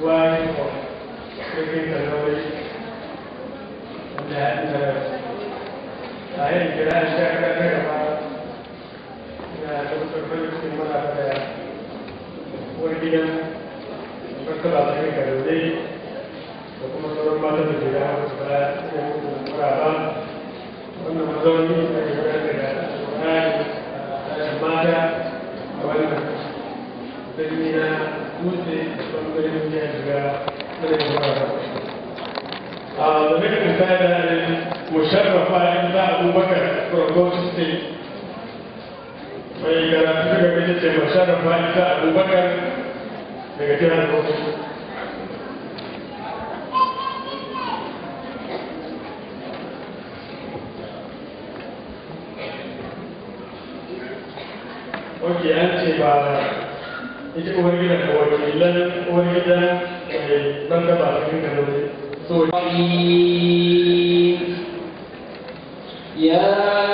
why of taking the knowledge and then صحيح الجلال الشيخ كثير ما تذكر كل شيء ولا بد ورجلا فكر عليك كالولي وكما تقول ما تدري لها ولا ولا وأن مزوني القرآن المادة وأن تدمينا ضمن الرسالة المشرفة إلى أبو بكر فردوس السيد وإذا تفكر بجد المشرفة أبو بكر لكتير الفردوس ita uwar gidan da wakilan uwar gidan ban gaba a cikin kan so ya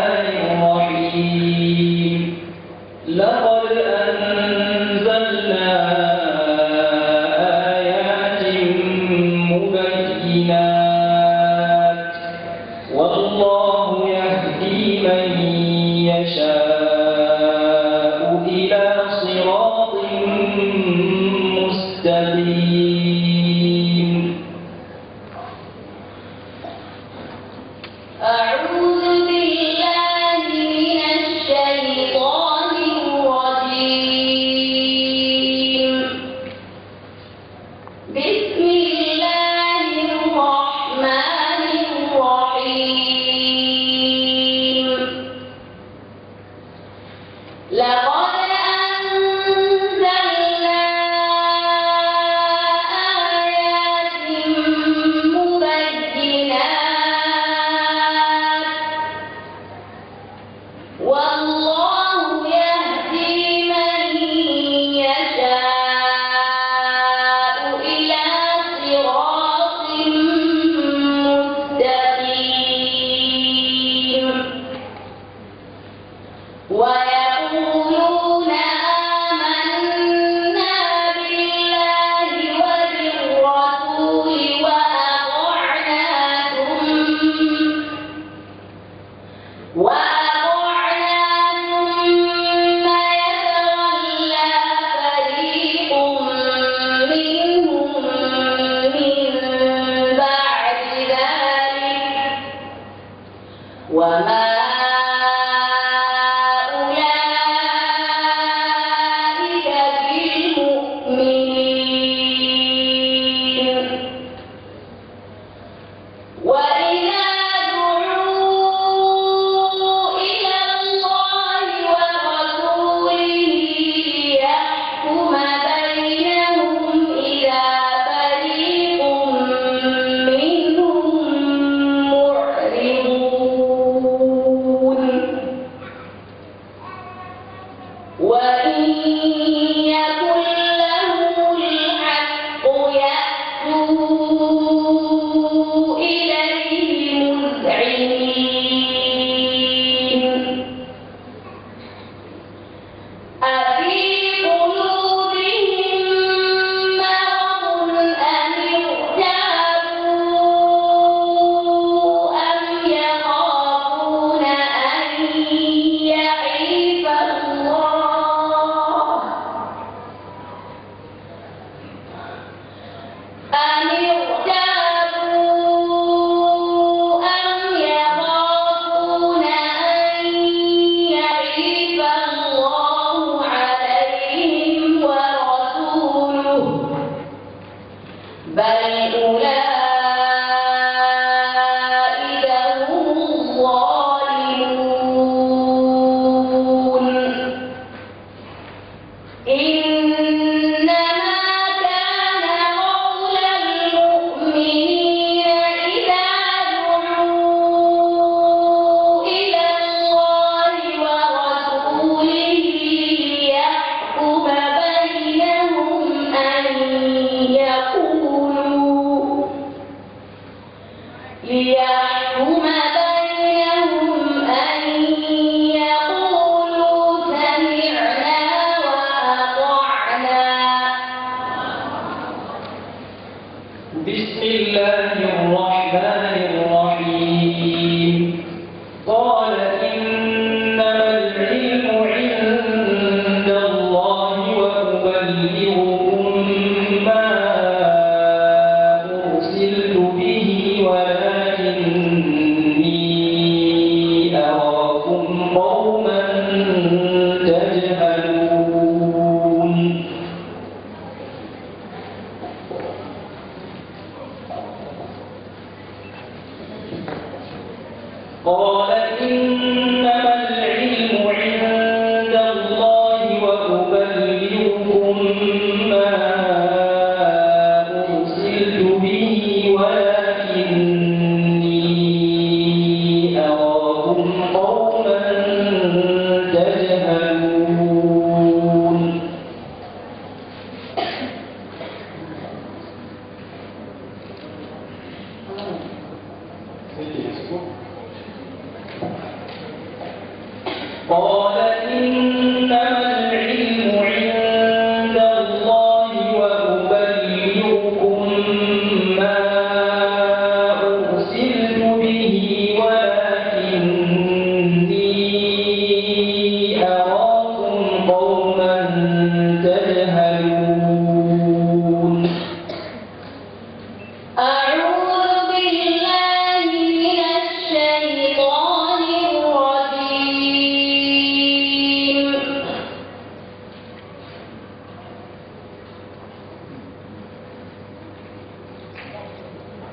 لا وما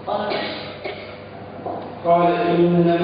قال قال إنما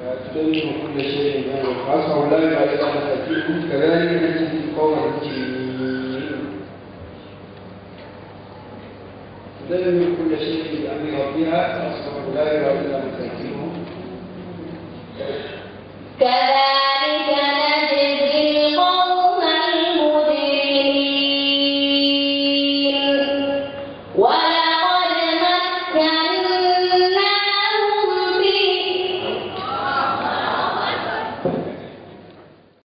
تلزم كل شيء ما خاصة ولا يبعد أن